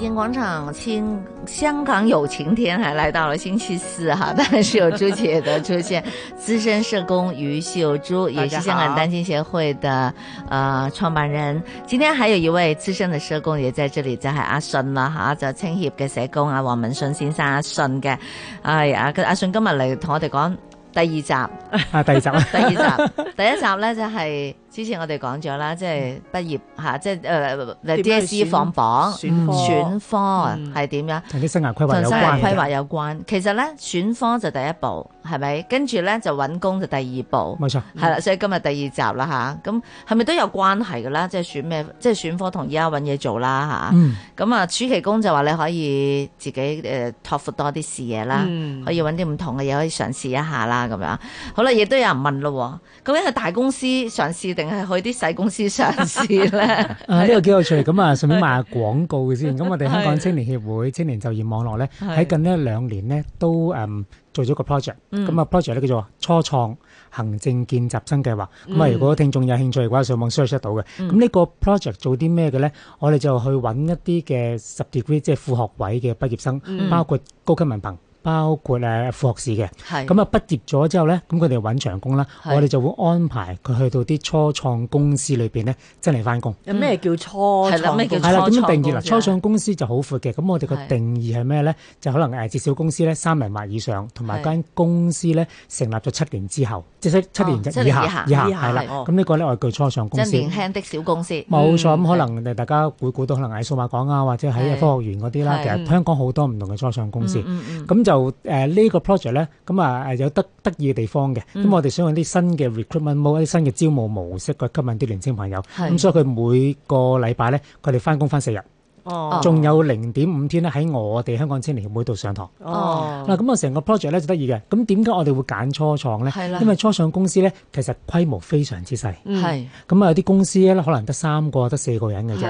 天廣場，晴。香港有晴天，還來到了星期四哈，當然是有朱姐的出現。 資深社工于秀珠，也是香港單親協會的呃創辦人。今天還有一位資深的社工也在這裏，就是阿信呢哈，就青協嘅社工啊黃民信先生，阿信嘅，哎呀阿信今日嚟同我哋講第二集啊，第二集第二集， 第一集咧就係、是。之前我哋講咗啦，即係畢業吓，即係誒 DSE 放榜選選科係點、嗯嗯、樣同啲生涯規劃有關？規劃有關，其實咧選科就第一步，係咪？跟住咧就搵工就第二步，冇錯。係、嗯、啦，所以今日第二集啦吓，咁係咪都有關係噶啦？即係選咩，即係選科同而家搵嘢做啦吓。咁啊暑期工就話你可以自己誒拓闊多啲視野啦、嗯，可以搵啲唔同嘅嘢可以嘗試一下啦，咁樣。好啦，亦都有人問咯，咁樣喺大公司嘗試。嘗試定係去啲細公司上市咧，呢、 啊這個幾有趣。咁 啊，順便賣下廣告先。咁我哋香港青年協會青年就業網絡咧，喺近兩呢兩年咧都誒、um, 做咗個 project。咁啊，project 咧叫做初創行政見習生計劃。咁、嗯、啊，如果聽眾有興趣嘅話，上網 search 得到嘅。咁、嗯、呢個 project 做啲咩嘅咧？我哋就去揾一啲嘅 sub degree 即係副學位嘅畢業生、嗯，包括高級文憑。包括誒副學士嘅，咁啊畢業咗之後咧，咁佢哋揾長工啦，我哋就會安排佢去到啲初創公司裏邊咧，即係嚟翻工。有咩叫初創？咩叫初創？點樣定義啊？初創公司就好闊嘅，咁我哋個定義係咩咧？就可能誒至少公司咧三人或以上，同埋間公司咧成立咗七年之後，即係七年及以下，以下係啦。咁呢個咧我係叫初創公司。一年輕的小公司。冇錯，咁可能誒大家會估到，可能喺數碼港啊，或者喺科學園嗰啲啦。其實香港好多唔同嘅初創公司，咁就。就、這、誒、個、呢個 project 咧，咁啊有得得意嘅地方嘅，咁我哋想用啲新嘅 recruitment，mode，一啲新嘅招募模式，去、嗯、吸引啲年青朋友。咁所以佢每個禮拜咧，佢哋翻工翻四日，哦，仲有零點五天咧喺我哋香港青年協會度上堂。哦，嗱咁啊，成、嗯、個 project 咧就得意嘅。咁點解我哋會揀初創咧？因為初創公司咧，其實規模非常之細。嗯，咁啊，有啲公司咧，可能得三個、得四個人嘅啫。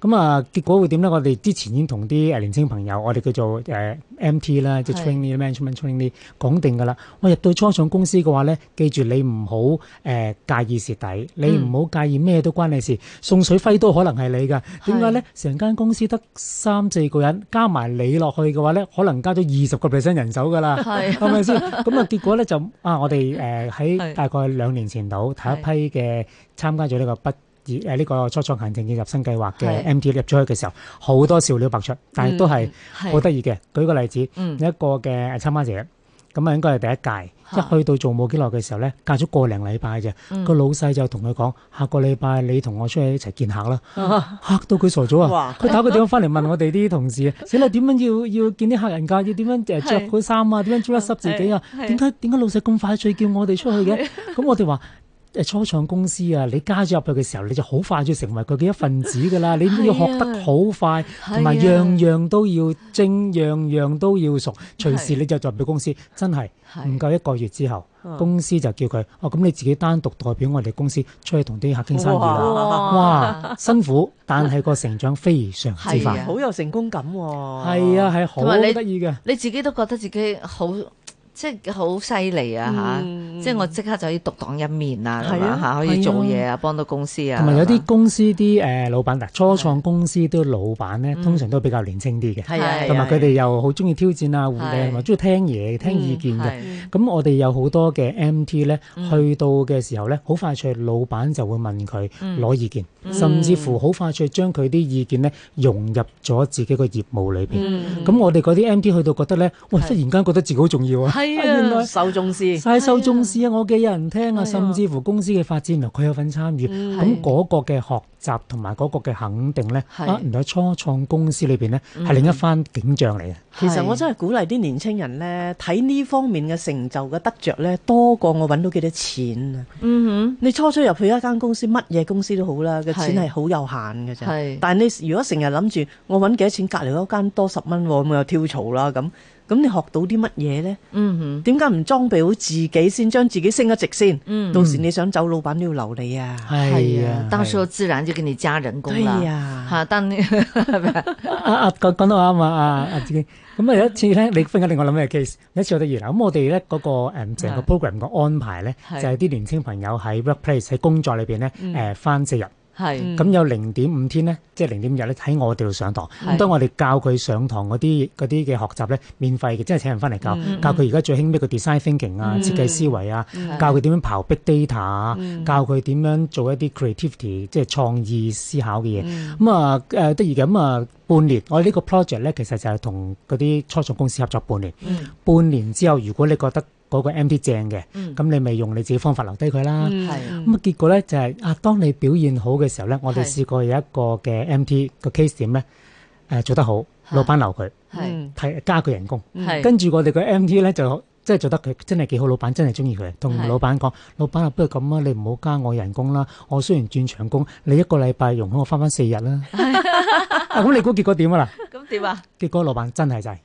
咁啊，結果會點咧？我哋之前已經同啲誒年青朋友，我哋叫做誒。呃 MT 啦，就 training management training，講定噶啦。我入到初創公司嘅話咧，記住你唔好、呃、介意蝕底，你唔好介意咩都關你事，嗯，送水揮都可能係你噶。點解咧？成間公司得三四個人，加埋你落去嘅話咧，可能加咗二十個 percent 人手噶啦，係咪先？咁啊， 結果咧就啊，我哋喺大概兩年前度第一批嘅參加咗呢、呢個不而呢個初創行政入新計劃嘅 MT 入咗去嘅時候，好多笑料百出，嗯、但係都係好得意嘅。舉個例子，嗯、一個嘅參加者，咁啊應該係第一屆，一去到做冇幾耐嘅時候咧，隔咗個零禮拜嘅，個老細就同佢講：下個禮拜你同我出去一齊見客啦。嚇到佢傻咗啊！佢、啊、打個電話翻嚟問我哋啲同事：死啦點樣要要見啲客人㗎？要點樣着佢衫啊？點樣著一濕自己啊？點解點解老細咁快就叫我哋出去嘅？咁、啊、我哋話。初創公司啊，你加入入去嘅時候，你就好快就成為佢嘅一份子噶啦。 你要學得好快，同埋樣樣都要精，樣樣都要熟。隨、啊、時你就代表公司，啊、真係唔夠一個月之後，啊、公司就叫佢、啊、哦。咁你自己單獨代表我哋公司，出去同啲客傾生意啦。哇，辛苦，但係個成長非常之快，好、啊啊、有成功感。係啊，係好得意嘅，你自己都覺得自己好。即係好犀利啊！嗯、即係我即刻就可以獨當一面啊，嗯、啊，可以做嘢啊，啊，幫到公司啊。同埋有啲公司啲老闆、啊啊，初創公司啲老闆咧、嗯，通常都比較年青啲嘅，同埋佢哋又好中意挑戰啊，胡咧，同埋中意聽嘢、聽意見嘅。咁、啊啊、我哋有好多嘅 MT 咧、嗯，去到嘅時候咧，好、嗯、快脆老闆就會問佢攞、嗯、意見、嗯，甚至乎好快脆將佢啲意見咧融入咗自己個業務裏面。咁、嗯嗯、我哋嗰啲 MT 去到覺得咧，喂忽、啊、然間覺得自己好重要啊！係啊，受重視，係受重視啊！我記得有人聽啊，甚至乎公司嘅發展啊，佢有份參與，咁嗰個嘅學習同埋嗰個嘅肯定咧，啊，原來初創公司裏邊咧係另一番景象嚟嘅。其實我真係鼓勵啲年青人咧，睇呢方面嘅成就嘅得著咧，多過我揾到幾多錢啊！嗯哼，你初初入去一間公司，乜嘢公司都好啦，嘅錢係好有限嘅啫。係，但係你如果成日諗住我揾幾多錢，隔離嗰間多十蚊，咁又跳槽啦咁。咁你學到啲乜嘢咧？點解唔裝備好自己先將自己升一值先？到時你想走，老闆都要留你啊！係啊，到時候自然就給你加人工啦。啊，但你啊啊講講到啱啊！阿阿志堅，咁啊有一次咧，你分享另外諗咩 case？有一次我哋而家咁，我哋咧嗰個誒成個 program 嘅安排咧，就係啲年青朋友喺 workplace 喺工作裏邊咧誒返四日。係，咁、嗯嗯、有零點五天咧，即係零點五日咧喺我哋度上堂。咁當我哋教佢上堂嗰啲嗰啲嘅學習咧，免費嘅，即係請人翻嚟教。嗯、教佢而家最興咩？個 design thinking 啊、嗯，設計思維啊，教佢點樣刨 big data 啊，嗯、教佢點樣做一啲 creativity，即係創意思考嘅嘢。咁、嗯、啊得意嘅咁啊半年，我呢個 project 咧其實就係同嗰啲初創公司合作半年、嗯。半年之後，如果你覺得，嗰、那個 MT 正嘅，咁你咪用你自己方法留低佢啦。咁、嗯、啊結果咧就係、是、啊，當你表現好嘅時候咧，我哋試過有一個嘅 MT 個 case 點咧，做得好，老闆留佢，睇加佢人工。跟住我哋個 MT 咧就即係、就是、做得佢真係幾好，老闆真係中意佢。同老闆講：老闆啊，不如咁啊，你唔好加我人工啦，我雖然轉長工，你一個禮拜容許我翻翻四日啦。咁、 啊、你估結果點啊啦？咁點啊？結果老闆真係就係、是。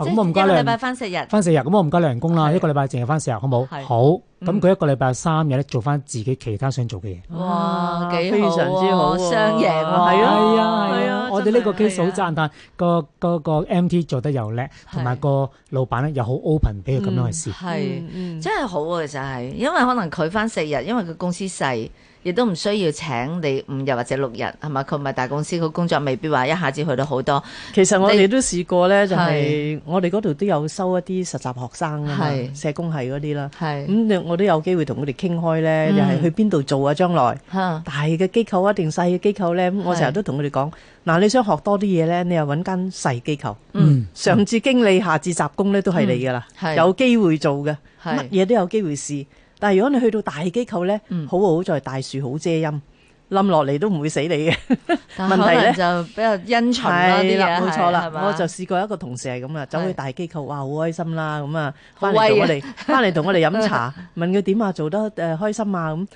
咁、嗯、即係呢個禮拜翻四日，翻四日，咁我唔加你人工啦。一個禮拜淨係翻四日，好唔好？好。咁佢一個禮拜三日咧，做翻自己其他想做嘅嘢，嗯。哇，幾好啊！非常之好，雙贏啊，係啊，係啊！啊啊啊啊我哋呢個 case 好讚，個個、啊啊、個 MT 做得又叻，同埋個老闆咧又好 open，俾佢咁樣去試係，真係好啊！其實係，因為可能佢翻四日，因為佢公司細，亦都唔需要請你五日或者六日，係嘛？佢唔係大公司，佢工作未必話一下子去到好多。其實我哋都試過咧，就係、是，我哋嗰度都有收一啲實習學生，係社工係嗰啲啦。咁。嗯我都有機會同佢哋傾開呢，又係去邊度做啊？將來大嘅機構啊定細嘅機構呢？我成日都同佢哋講，嗱你想學多啲嘢呢？你又揾間細機構，嗯、上至經理下至雜工呢，都係你噶啦，有機會做嘅，乜嘢都有機會試。但係如果你去到大機構呢，好好在大樹好遮陰。嗯嗯冧落嚟都唔會死你嘅。 問題呢，但係可能就比較恩巡啦啲啊，冇錯啦，我就試過一個同事係咁啦，走去大機構，哇好開心啦咁啊，翻嚟同我哋翻嚟同我哋飲茶， 問佢點啊做得誒開心啊咁，誒、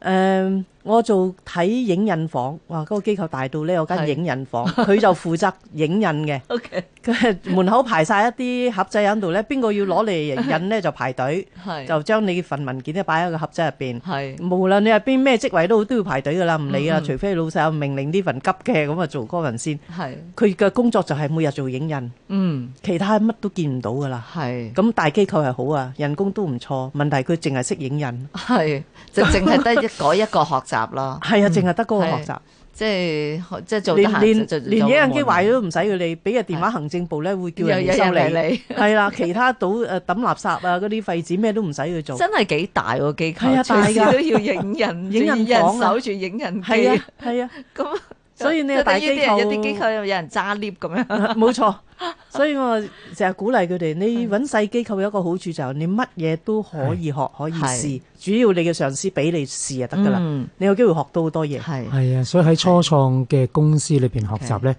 呃、我做睇影印房，哇嗰、嗰個機構大到咧有間影印房，佢就負責影印嘅。 okay. 佢 係門口排晒一啲盒仔喺度咧，邊個要攞嚟影印咧就排隊，就將你份文件咧擺喺個盒仔入邊。無論你係邊咩職位都好都要排隊噶啦，唔理啊、嗯，除非老細有命令呢份急嘅咁啊做嗰份先。佢嘅工作就係每日做影印，嗯、其他乜都見唔到噶啦。咁大機構係好啊，人工都唔錯，問題佢淨係識影印，就淨係得一嗰一個學習咯。係 啊，淨係得嗰個學習。嗯。即係即係做得做，連影印機壞咗都唔使佢哋，俾個電話行政部咧會叫人修理。係啦，其他到誒抌垃圾啊，嗰啲廢紙咩都唔使佢做。真係幾大喎、啊，幾 大，每次都要影人 影人、啊，人守住影人機。係 啊，係啊，咁 所以你係大機構， 有啲機構又有人揸 lift 咁樣。冇 錯。 所以我成日鼓勵佢哋，你揾細機構有一個好處就係、是、你乜嘢都可以學，可以試，主要你嘅上司俾你試就得噶啦，你有機會學到好多嘢。係係、嗯、啊，所以喺初創嘅公司裏邊學習咧，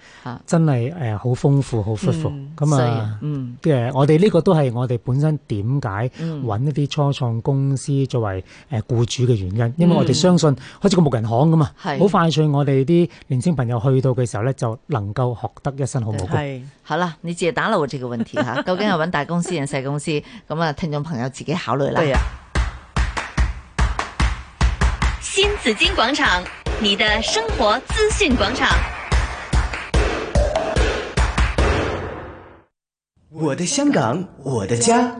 真係誒好豐富，好豐富。咁啊，即係我哋呢個都係我哋本身點解揾一啲初創公司作為誒雇主嘅原因、嗯，因為我哋相信、嗯、好似個木人巷咁啊，好快脆。我哋啲年輕朋友去到嘅時候咧，就能夠學得一身好武功。係係啦。啊、你解答了我這個問題哈，究竟我揾大公司定細公司？咁啊， 聽眾朋友自己考慮啦。係呀、啊、新紫荊廣場，你的生活資訊廣場。我的香港，我的家。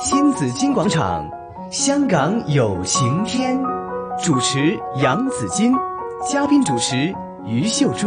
新紫荊廣場，香港有晴天。主持楊紫荊，嘉賓主持余秀珠。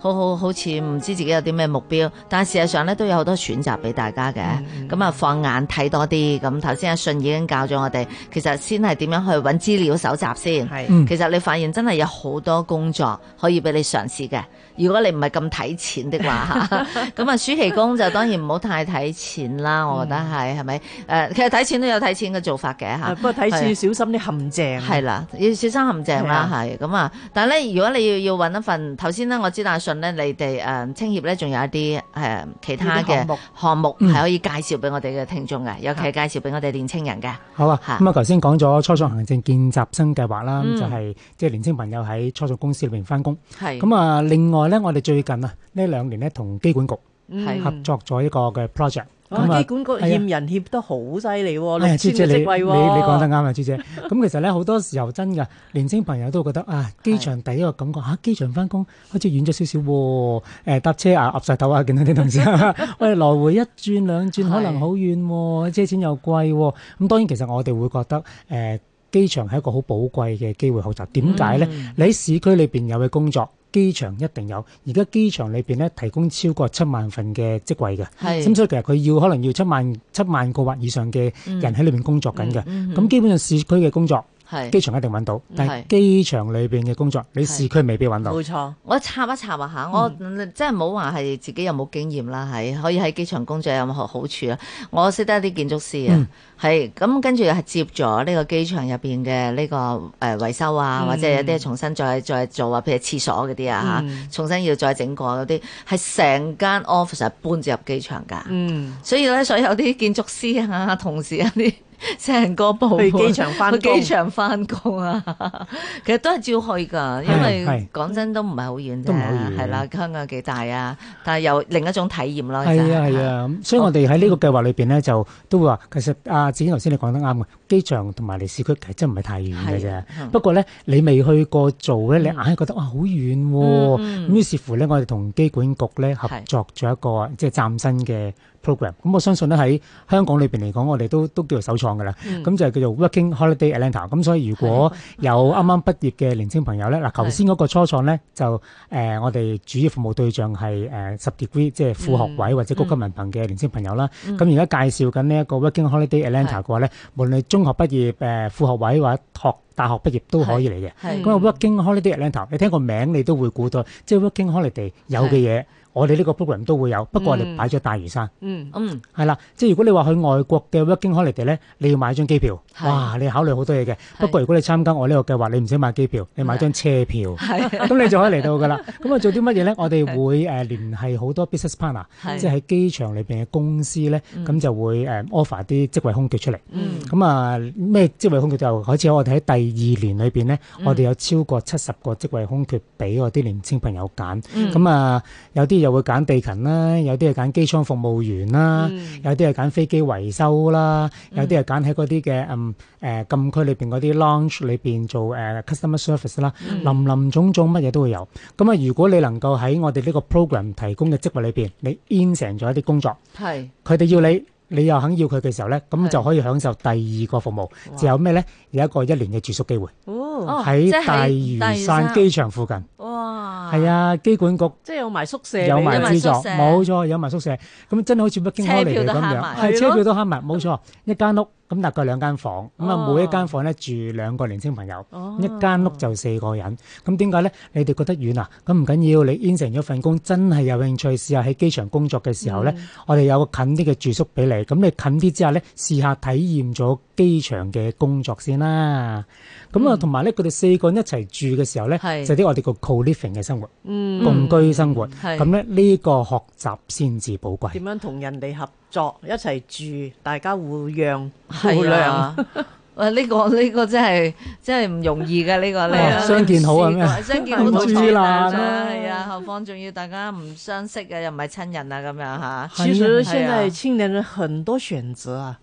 好好好似唔知自己有啲咩目標，但係事實上咧都有好多選擇俾大家嘅，咁、嗯、啊放眼睇多啲，咁頭先阿信已經教咗我哋，其實先係點樣去揾資料搜集先，係，其實你發現真係有好多工作可以俾你嘗試嘅。如果你唔係咁睇錢的話嚇，咁啊暑期工就當然唔好太睇錢啦、嗯，我覺得係係咪？誒，其實睇錢都有睇錢嘅做法嘅嚇、嗯。不過睇錢要小心啲陷阱。係啦，要小心陷阱啦，係。咁啊，但係咧，如果你要要搵一份頭先呢，我知道、啊、信呢，你哋誒青協咧，仲有一啲誒其他嘅項目係可以介紹俾我哋嘅聽眾嘅、嗯，尤其係介紹俾我哋年青人嘅。好、嗯、啊，咁啊頭先講咗初創行政見習生計劃啦、嗯，就係即係年青朋友喺初創公司裏邊翻工。係。咁啊，另外。咧，我哋最近啊，呢兩年咧，同機管局合作咗一個嘅 project。咁、嗯、機、嗯嗯、管局欠人欠得好犀利，兩、哎哎、你你講得啱啊，朱 姐。咁其實咧，好多時候真噶，年輕朋友都覺得啊，機、哎、場第一個感覺啊，機場翻工，好似遠咗少少。誒，搭車啊，岌晒、啊、頭啊，見到啲同事，喂、 哎，來回一轉兩轉，可能好遠、啊，車錢又貴。咁、啊、當然，其實我哋會覺得，誒、啊，機場係一個好寶貴嘅機會學習。點解咧？你喺市區裏邊有嘅工作？機場一定有，而家機場裏邊咧提供超過七萬份嘅職位嘅，係，咁所以其實佢要可能要七萬七萬個或以上嘅人喺裏邊工作緊嘅，咁、嗯嗯嗯嗯、基本上市區嘅工作。係機場一定揾到，但係機場裏邊嘅工作，你市區未必揾到。冇錯，我插一插啊吓、嗯，我真係唔好話係自己有冇經驗啦，係可以喺機場工作有冇好好處、嗯這個呃、啊？我識得一啲建築師啊，係咁跟住又係接咗呢個機場入邊嘅呢個誒維修啊，或者有啲重新再再做啊，譬如廁所嗰啲啊吓、嗯，重新要再過那些整過嗰啲，係成間 office 搬咗入機場噶。嗯，所以咧所有啲建築師啊，同事啊啲。成個部去機場翻去機場翻工啊，其實都係照去㗎，因為講真都唔係好遠啫，係啦，香港幾大啊，但係有另一種體驗咯。係啊係啊，所以我哋喺呢個計劃裏邊呢，就都會話其實阿子頭先你講得啱啊，機場同埋離市區其實真唔係太遠嘅啫。不過呢，嗯、你未去過做咧，你硬係覺得哇好遠喎。咁、嗯嗯、於是乎呢，我哋同機管局咧合作咗一個即係嶄新嘅。program 咁我相信咧喺香港裏面嚟講，我哋都都叫做首創嘅啦。咁、嗯、就係叫做 Working Holiday Atlanta。咁所以如果有啱啱畢業嘅年青朋友咧，嗱，頭先嗰個初創咧就、呃、我哋主要服務對象係 sub、呃、degree 即係副學位或者高級文憑嘅年青朋友啦。咁而家介紹緊呢一個 Working Holiday Atlanta 嘅話咧，無論你中學畢業誒、呃、副學位或者學大學畢業都可以嚟嘅。咁、那個、Working Holiday Atlanta，你聽個名你都會估到，即、就、係、是、Working Holiday 有嘅嘢。我哋呢個 program 都會有，不過我哋擺咗大嶼山。嗯嗯，係啦，即係如果你話去外國嘅 working holiday 咧，你要買張機票，哇！你考慮好多嘢嘅。不過如果你參加我呢個計劃，你唔使買機票，你買張車票，咁 你就可以嚟到㗎啦。咁啊，做啲乜嘢咧？我哋會誒聯繫好多 business partner，即係喺機場裏邊嘅公司咧，咁、嗯、就會誒 offer 啲職位空缺出嚟。咁、嗯、啊，咩職位空缺就？好似我哋喺第二年裏邊咧，我哋有超過七十個職位空缺俾我啲年青朋友揀。咁、嗯、啊，有啲。有又會揀地勤啦，有啲係揀機艙服務員啦、嗯，有啲係揀飛機維修啦、嗯，有啲係揀喺嗰啲嘅誒禁區裏邊嗰啲 launch 裏邊做誒、呃、customer service 啦、嗯，林林總總乜嘢都會有。咁啊，如果你能夠喺我哋呢個 program 提供嘅職位裏邊，你 in 成咗一啲工作，係佢哋要你。你又肯要佢嘅時候咧，咁就可以享受第二個服務，就有咩咧？有一個一年嘅住宿機會，喺、哦、大嶼山機場附近。哦、哇！係啊，機管局即係有埋宿，宿舍，有埋資助，冇錯，有埋宿舍。咁真係好似北京開嚟咁樣，係車票都慳埋，冇錯，一間屋。咁大概兩間房，咁、哦、啊每一間房咧住兩個年青朋友，哦、一間屋就四個人。咁點解咧？你哋覺得遠啊？咁唔緊要，你應承咗份工，真係有興趣試下喺機場工作嘅時候咧、嗯，我哋有個近啲嘅住宿俾你。咁你近啲之後咧，試下體驗咗。機場嘅工作先啦，咁、嗯、啊，同埋咧，佢哋四個人一齊住嘅時候咧，就啲、是、我哋個 co-living 嘅生活、嗯，共居生活。咁咧呢、這個學習先至寶貴。點樣同人哋合作一齊住，大家互讓互讓。哇、啊！呢、啊 啊這個呢、這個真係真係唔容易嘅呢、這個咧、 啊。相見好啊，見啊 啊啊相見好難啊。啊，後方仲要大家唔相識嘅，又唔係親人啊咁樣吓，其實、啊、現在青年人很多選擇啊。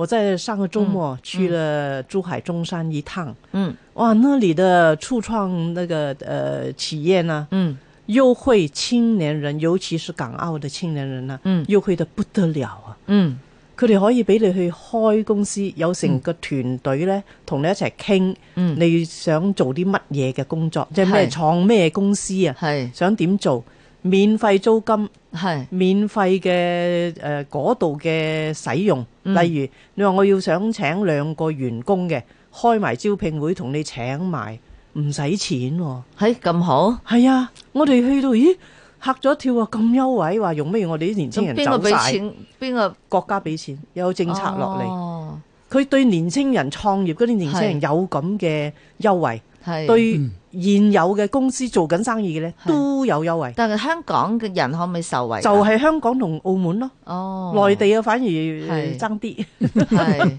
我在上個周末去了珠海中山一趟，嗯，嗯，哇，那裏的初創那個，呃，企業呢，嗯，優惠青年人，尤其是港澳的青年人呢、啊，嗯，優惠得不得了啊，嗯，佢哋可以俾你去開公司，有成個團隊呢，同、嗯、你一齊傾，嗯，你想做啲乜嘢嘅工作，即係咩創咩公司啊，係，想點做？免費租金，係免費嘅誒嗰度嘅使用。例如你話我要想請兩個員工嘅，開埋招聘會同你請埋，唔使錢喎。係咁好？係啊，我哋去到咦嚇咗一跳啊！咁優惠話用咩？我哋啲年青人搞曬。邊個俾錢？邊個國家俾錢？有政策落嚟，佢對年青人創業嗰啲年青人有咁嘅優惠。係對現有嘅公司做緊生意嘅咧都有優惠，但係香港嘅人可唔可以受惠？就係香港同澳門咯。哦，內地嘅反而爭啲。係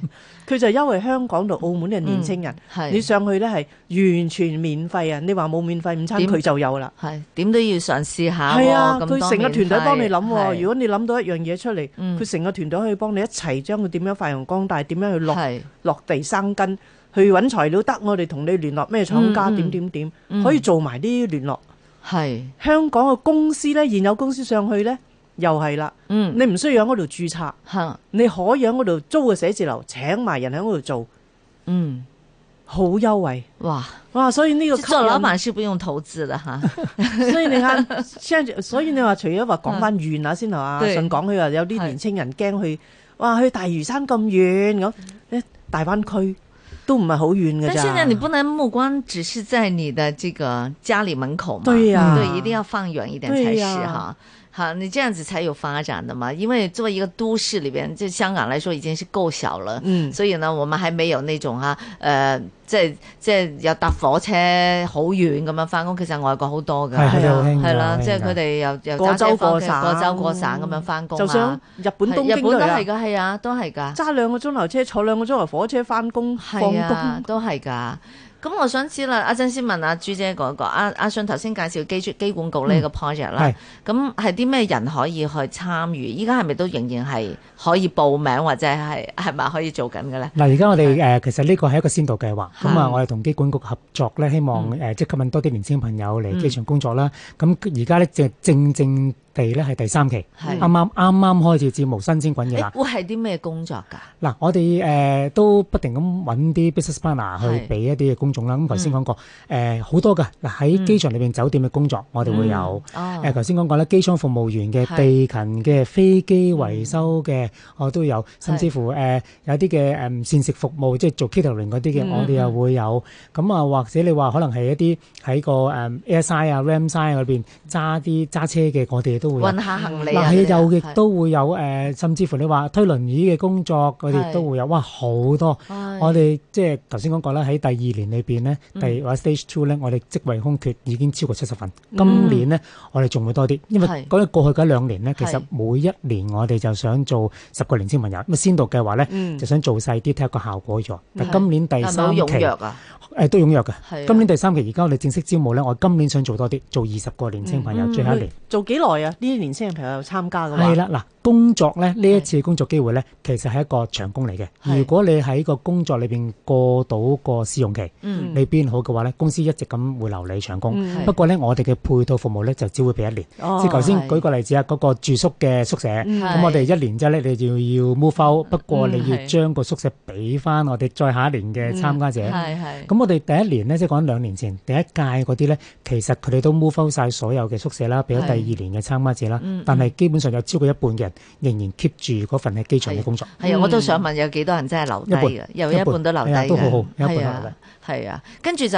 佢就係因為香港同澳門嘅年青人。係你上去咧係完全免費啊！你話冇免費午餐佢就有啦。係點都要嘗試下。係啊，佢成個團隊幫你諗。如果你諗到一樣嘢出嚟，佢成個團隊可以幫你一齊將佢點樣發揚光大，點樣去落落地生根。去揾材料得，我哋同你聯絡咩廠家，點點點可以做埋啲聯絡。係香港嘅公司咧，現有公司上去咧又係啦。嗯，你唔需要喺嗰度註冊，你可以喺嗰度租個寫字樓，請埋人喺嗰度做。嗯，好優惠哇哇！所以呢個做老闆是不用投資的嚇。所以你睇，所以所以你話，除咗話講翻遠下先啊，阿信講佢話有啲年青人驚去，哇，去大嶼山咁遠咁，喺大灣區。都唔係好遠噶。但現在你不能目光只是在你的這個家裏門口嘛？對呀、啊，嗯，對，一定要放遠一點才是哈。好，你這樣子才有發展的嘛？因為作為一個都市裏邊，就香港來說，已經是夠小了。嗯，所以呢，我們還沒有那種哈，誒，呃，即係即係又搭火車好遠咁樣翻工。其實外國好多嘅，係啦，即係佢哋又又過州過省，過州過省咁樣翻工。就想日本東京日本都係噶，係啊，都係噶，揸兩個鐘頭車，坐兩個鐘頭火車翻工，放工係啊，都係噶。咁我想知啦，阿珍先問阿、啊、朱姐嗰、那個，阿、啊、阿、啊、信頭先介紹機管管局呢個個 project 啦，咁係啲咩人可以去參與？依家係咪都仍然係可以報名，或者係係咪可以做緊嘅咧？嗱，而家我哋其實呢個係一個先導計劃，咁啊我哋同機管局合作咧，希望即係吸引多啲年輕朋友嚟機場工作啦。咁而家咧就正正。地咧係第三期，啱啱啱啱開始招募新鮮滾嘢啦。會係啲咩工作㗎？嗱，我哋誒、呃、都不停咁揾啲 business partner 去俾一啲嘅工種啦。咁頭先講過誒好、嗯呃、多㗎。嗱，喺機場裏面酒店嘅工作，我哋會有。誒頭先講過咧，機場服務員嘅地勤嘅飛機維修嘅我、嗯哦、都有，甚至乎誒、呃、有啲嘅誒膳食服務，即係做 catering 嗰啲嘅，我哋又會有。咁、嗯、啊，或者你話可能係一啲喺個、嗯、ASI 啊 RAMSI 嗰邊揸啲揸車嘅，我哋都運下行李嗱、啊，有亦都會有誒，甚至乎你話推輪椅嘅工作，佢哋都會有，哇好多！我哋即係頭先講過啦。喺第二年裏邊、嗯、呢，第或者 stage two 咧，我哋職位空缺已經超過七十份。今年呢，嗯、我哋仲會多啲，因為嗰啲過去嗰兩年呢，其實每一年我哋就想做十個年青朋友。咁先到嘅話呢、嗯，就想做細啲睇下個效果咗。但今年第三期誒、啊欸、都踴躍嘅。今年第三期而家我哋正式招募呢，我今年想做多啲，做二十個年青朋友，嗯、最後一年做幾耐啊？呢啲年輕嘅朋友有參加嘅話，係啦，嗱工作咧呢一次工作機會咧，其實係一個長工嚟嘅。如果你喺個工作裏邊過到個試用期，嗯，你表現好嘅話咧，公司一直咁會留你長工。不過咧，我哋嘅配套服務咧就只會俾一年。即係頭先舉個例子啊，嗰個住宿嘅宿舍，咁我哋一年之後咧，你就要 move out，不過你要將個宿舍俾翻我哋再下一年嘅參加者。係係。咁我哋第一年咧，即係講兩年前第一屆嗰啲咧，其實佢哋都 move out 晒所有嘅宿舍啦，俾咗第二年嘅參。乜字啦？但係基本上有超過一半嘅人仍然 keep 住嗰份嘅機場嘅工作嗯嗯。係、嗯、啊，我都想問有幾多人真係留低嘅？一一有一半都留低都好好，一半嘅。係啊，跟住就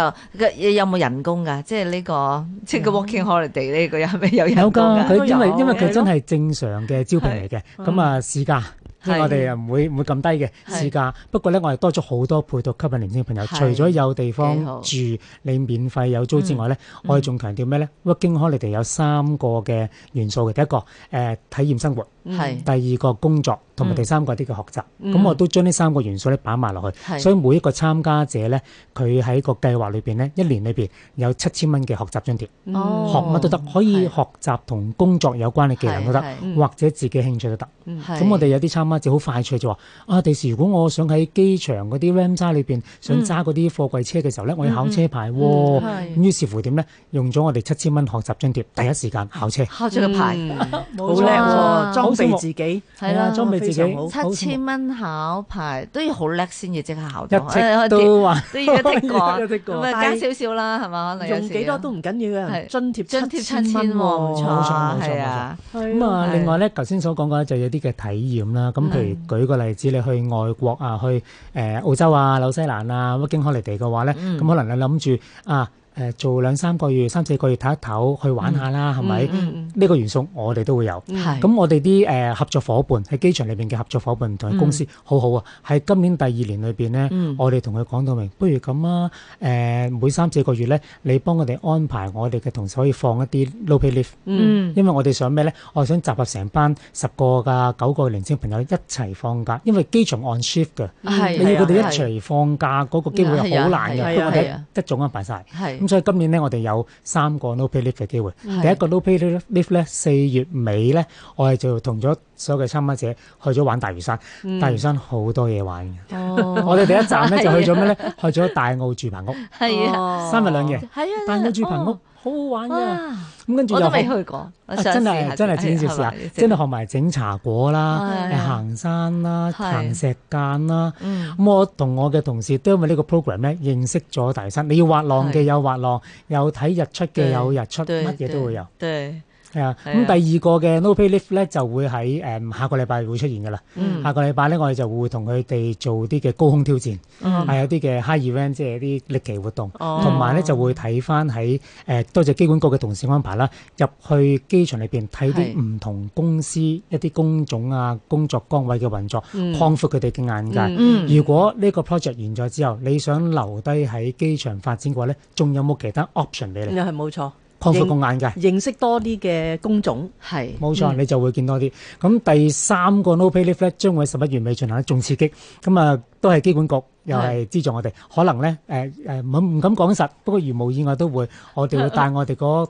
有冇人工㗎？即係呢個即係個 working holiday 呢個有咩有人工的、嗯、有工，佢因為因為佢真係正常嘅招聘嚟嘅。咁啊，試、嗯、駕。嗯我哋又唔會唔會咁低嘅市價，不過咧我哋多咗好多配套，吸引年輕嘅朋友。除咗有地方住，你免費有租之外咧、嗯，我哋仲強調咩咧？Working holiday 有三個嘅元素嘅，第一個誒、呃、體驗生活，第二個工作。同埋第三個啲嘅學習，咁、嗯、我都將呢三個元素咧擺埋落去、嗯，所以每一個參加者咧，佢喺個計劃裏面呢，一年裏面有七千蚊嘅學習津貼、哦，學乜都得，可以學習同工作有關嘅技能都得，或者自己興趣都得。咁、嗯、我哋有啲參加者好快脆就話：啊，第時如果我想喺機場嗰啲 ram 車裏面想揸嗰啲貨櫃車嘅時候咧、嗯，我要考車牌喎、哦嗯嗯。於是乎點咧？用咗我哋七千蚊學習津貼，第一時間考車，考咗個牌，好靚喎！裝備自己，係啦，裝備七千蚊考牌都要好叻先至即刻考到，都話都要個積果，咁啊加少少啦，係嘛？用幾多都唔緊要嘅，津貼七千喎，冇錯，冇、啊、錯，冇咁啊，啊另外咧，頭先、啊、所講嘅就有啲嘅體驗啦。咁、啊、譬如舉個例子，啊、你去外國啊，去誒澳洲啊、紐西蘭啊、working holiday 嘅話咧，咁可能你諗住啊。呃、做兩三個月、三四個月唞一唞，去玩下啦，係、嗯、咪？呢、嗯嗯這個元素我哋都會有。咁我哋啲合作伙伴喺機場裏面嘅合作伙伴，同埋公司，好、嗯、好啊！喺今年第二年裏面呢，嗯、我哋同佢講到明，不如咁啊、呃！每三四個月呢，你幫我哋安排我哋嘅同事可以放一啲 low pay leave、嗯。因為我哋想咩呢？我想集合成班十個㗎、九個年青朋友一齊放假，因為機場 on shift 嘅、嗯，你要佢哋一齊放假嗰、啊啊那個機會好難嘅，都、啊啊啊、我哋一早安排晒。咁所以今年咧，我哋有三個 no pay leave 嘅機會。第一個 no pay leave 咧，四月尾咧，我哋就同咗所有嘅參加者去咗玩大嶼山。嗯、大嶼山好多嘢玩嘅、哦。我哋第一站咧就去咗咩咧？去咗大澳住棚屋。係啊，三日兩夜。係啊，大澳住棚屋。哦好好玩啊！咁跟住又我都未去過，真係真係整件事啦，真係學埋整茶果啦、哎，行山啦、哎，行石澗啦。咁我同我嘅同事都因為呢個 program 咧，認識咗大山。你要滑浪嘅有滑浪，有睇日出嘅有日出，乜嘢都會有。對對對。係啊，咁第二個嘅 No Pay Lift 咧就會喺誒下個禮拜會出現嘅啦，嗯。下個禮拜咧，我哋就會同佢哋做啲嘅高空挑戰，係有啲嘅 High Event，即係啲歷奇活動，同埋咧就會睇翻喺誒多謝機管局嘅同事的安排啦。入去機場裏面睇啲唔同公司一啲工種啊、工作崗位嘅運作，擴闊佢哋嘅眼界。嗯嗯，如果呢個 project 完咗之後，你想留低喺機場發展嘅話，咧，仲有冇其他 option 俾你？又係冇錯。擴闊共眼嘅，認識多啲嘅工種，係冇錯，嗯、你就會見多啲。咁第三個 no pay lift 將會十一月尾進行一重刺激，咁啊都係機管局又係資助我哋，可能咧誒誒唔唔敢講實，不過如無意外都會，我哋會帶我哋嗰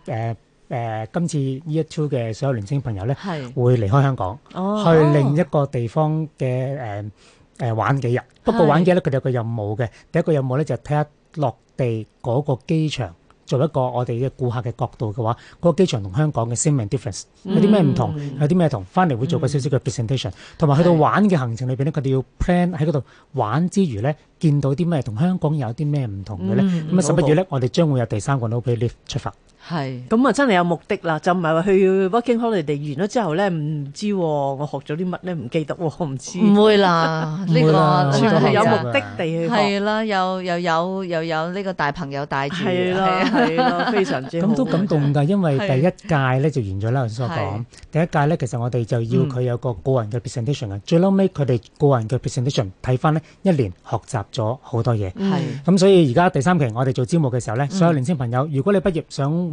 誒今次 e 一 two 嘅所有年輕朋友咧，係會離開香港、哦、去另一個地方嘅誒誒玩幾日。不過玩幾日咧，佢哋有個任務嘅，的第一個任務咧就係睇下落地嗰個機場，做一個我哋嘅顧客嘅角度嘅話，嗰、那個機場同香港嘅 signing difference 有啲咩唔同？有啲咩同？翻嚟會做個少少嘅 presentation，同埋去到玩嘅行程裏邊咧，佢哋要 plan 喺嗰度玩之餘咧，見到啲咩同香港有啲咩唔同嘅咧？咁、嗯、啊，十一月咧，我哋將會有第三個 lift 出發。係，咁啊真係有目的啦，就唔係話去 Working Holiday 完咗之後咧，唔知我學咗啲乜咧，唔記得，我唔知。唔會啦，呢個係有目的地去，係啦，又又有又有呢個大朋友帶住，係咯係咯，非常之。咁都感動噶，因為第一屆咧就完咗啦，我所講，第一屆咧其實我哋就要佢有個個人嘅 presentation 嘅，最嬲尾佢哋個人嘅 presentation 睇翻咧，一年學習咗好多嘢，係，咁所以而家第三期我哋做招募嘅時候咧，所有年輕朋友，如果你畢業想。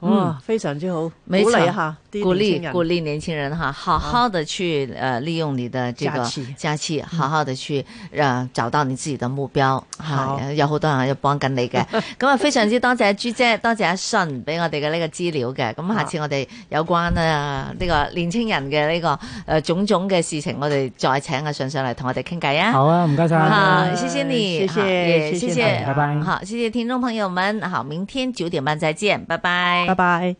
哇、嗯，非常之好，鼓勵鼓勵鼓勵年輕人哈、啊，好好的去誒、呃、利用你的這個假期，好好的去誒、呃、找到你自己的目標。嗯啊、好有好多人喺度幫緊你嘅。咁啊，非常之多謝朱姐，多謝阿信俾我哋嘅呢個資料嘅。咁下次我哋有關啊呢、這個年輕人嘅呢、這個誒、呃、種種嘅事情，我哋再請阿信上嚟同我哋傾偈啊。好啊，唔該晒，好，謝謝你，哎、謝謝，謝謝、哎，拜拜。好，謝謝聽眾朋友們，好，明天九點半再見，拜拜。拜拜。